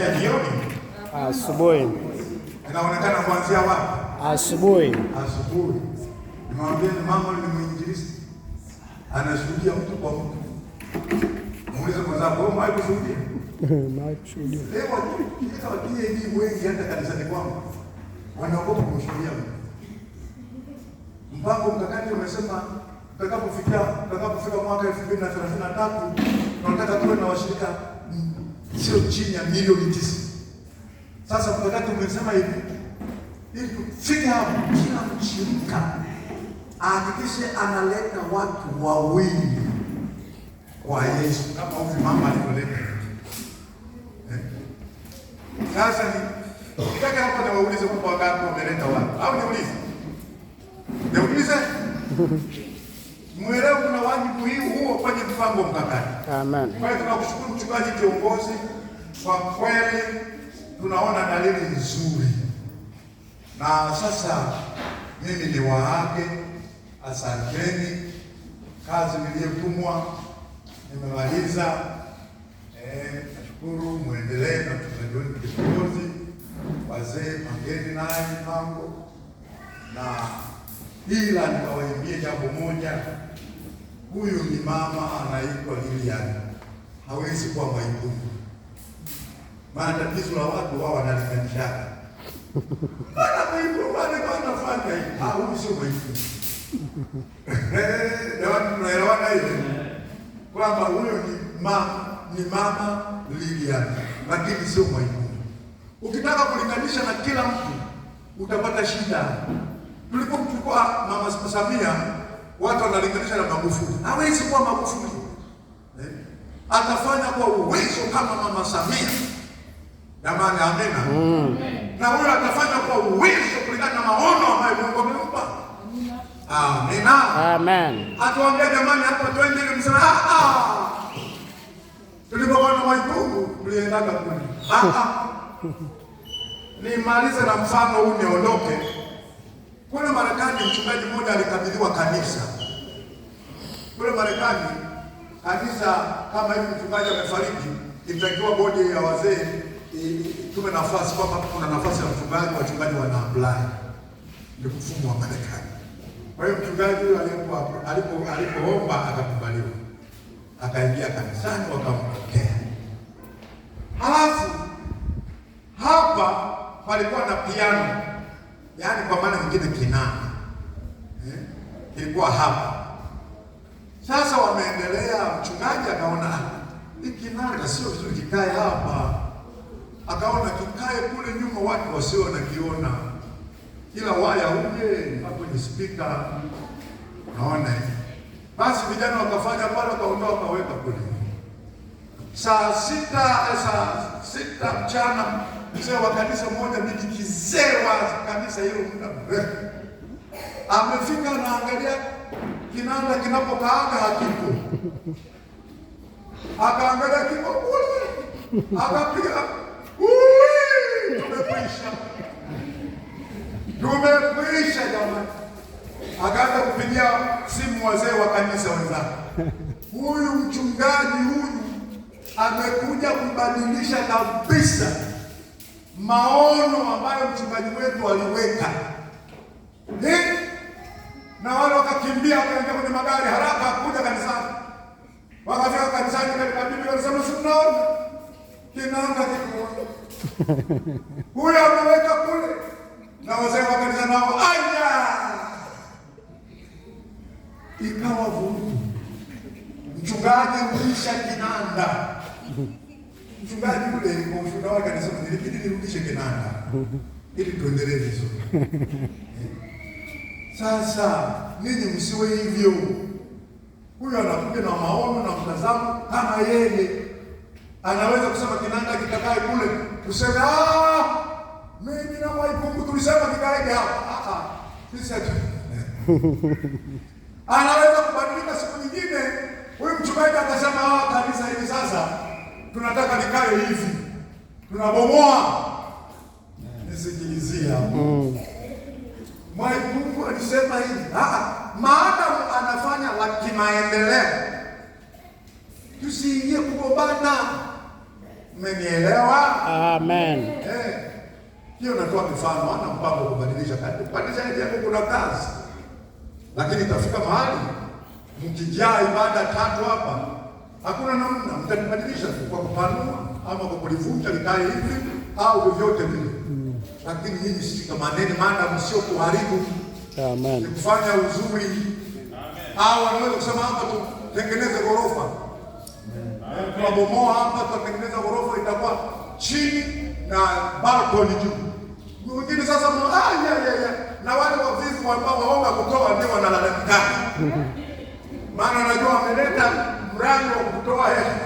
ya jioni, asubuhi. Inaonekana kuanzia wapi? Asubuhi. Asubuhi. Nimwambia ni mama ni mwinjilisti. Anashuhudia mtu kwa mtu. Muulize kwanza kwa nini mwaje kushuhudia? Mwaje kushuhudia. Leo kisa wakija hivi wengi hata kanisani kwangu. Wanaogopa kumshuhudia mtu. Mpango mkakati umesema tutakapofikia tutakapofika mwaka 2033 tunataka tuwe na washirika sio chini ya milioni tisa. Sasa mkakati umesema hivi, ili tufike hapo, kila mshirika ahakikishe analeta watu wawili kwa Yesu, kama huyu mama alivyoleta. Eh? Sasa nitaka hapo na waulize wangapi wameleta watu, au niulize niulize mwelewe kuna wajibu hii huo kwenye mpango mkakati. Amen. Kwa hiyo tunakushukuru mchungaji kiongozi, kwa kweli tunaona dalili nzuri, na sasa mimi ni waage, asanteni. Kazi niliyotumwa nimemaliza. Eh, nashukuru, muendelee na tunajioni kiongozi, wazee pangeni naye mpango na ila nikawaambie jambo moja, huyu ni mama anaitwa Lilian, hawezi kuwa mwaibuni. Maana tatizo la watu wao wanalikanishana, bana mwaibuni alikuwa anafanya hivi, ah, huyu sio mwaibuni. Eh, Nawatu tunaelewana hivi kwamba huyu ni mama, ni mama Lilian, lakini sio mwaibuni. Ukitaka kulinganisha na kila mtu utapata shida mlipomchukua mama Samia watu wanalinganisha na Magufuli. Hawezi kuwa Magufuli eh? Atafanya kwa uwezo kama mama Samia, jamani, amena mm. na huyo atafanya kwa uwezo kulingana na maono ambayo Mungu amempa. Amena, amen. Atuambia jamani, hapa twende ile msana ah ah, tulipoona Mwaipungu tuliendaga kule ah ah, nimalize na mfano huu niondoke Marekani mchungaji mmoja alikabidhiwa kanisa kule Marekani. Kanisa kama hivi mchungaji amefariki, itakiwa bodi ya wazee tume nafasi kwamba kuna nafasi ya mchungaji, wachungaji wana apply. Ni mfumo wa Marekani. Kwa hiyo mchungaji huyo alipoomba akakubaliwa, akaingia kanisani, wakampokea. Halafu hapa palikuwa na piano, yaani kwa maana nyingine kinanda ilikuwa hapa. Sasa wameendelea, mchungaji akaona ah, hii kinanda sio vizuri kikae hapa, akaona kikae kule nyuma, watu wasio wanakiona, kila waya uje mpaka kwenye spika, naona basi vijana wakafanya pale, wakaondoa wakaweka kule. Saa sita saa sita mchana mzee wa kanisa moja, mimi kizewa kanisa hilo muda mrefu amefika anaangalia kinanda kinapokaaga hakipo, akaangalia kiko kule, akapiga tumekwisha, tumekwisha jamani. Akaanza kupigia simu wazee wa kanisa wenzake, huyu mchungaji huyu amekuja kubadilisha kabisa maono ambayo mchungaji wetu aliweka eh? na wale wakakimbia wakaingia kwenye magari haraka kuja kanisani. Wakafika kanisani, katika bibi wanasema si kinanga kiko huyo ameweka kule, na wazee wa kanisa nao aya, ikawa vurugu. Mchungaji rudisha kinanda, mchungaji ule yule mshuda wake anasema nilibidi nirudishe kinanda ili tuendelee vizuri Sasa ninyi msiwe hivyo. Huyo anakuja na maono na mtazamo kama yeye, anaweza kusema kinanda kitakaye kule kusema ah, mimi na waipungu tulisema kikaege hapa, ah, ah, sisi hatu anaweza kubadilika siku nyingine. Huyu mchungaji akasema kanisa hivi sasa tunataka likae hivi, tunabomoa nisikilizia mm. Mwaipungu alisema hivi, maadamu anafanya la kimaendeleo, tusiingie kugombana. Mmenielewa? Amen. Eh, hiyo natoa mifano. Ana mpango kubadilisha kazi, kubadilisha ile yako, kuna kazi, lakini itafika mahali mkijaa ibada tatu hapa, hakuna namna, mtabadilisha kwa kupanua ama kwa kulivunja likae hivi au vyovyote vile lakini nyinyi shikamaneni, maana msio kuharibu Amen. kufanya uzuri. Hawa wanaweza kusema hapa tutengeneze ghorofa, tunabomoa hapa tutatengeneza ghorofa, itakuwa chini na balkoni juu. Mwingine sasa ah, na wale wavivu ambao waonga kutoa ndio wanalalamika, maana najua wameleta mradi wa kutoa hela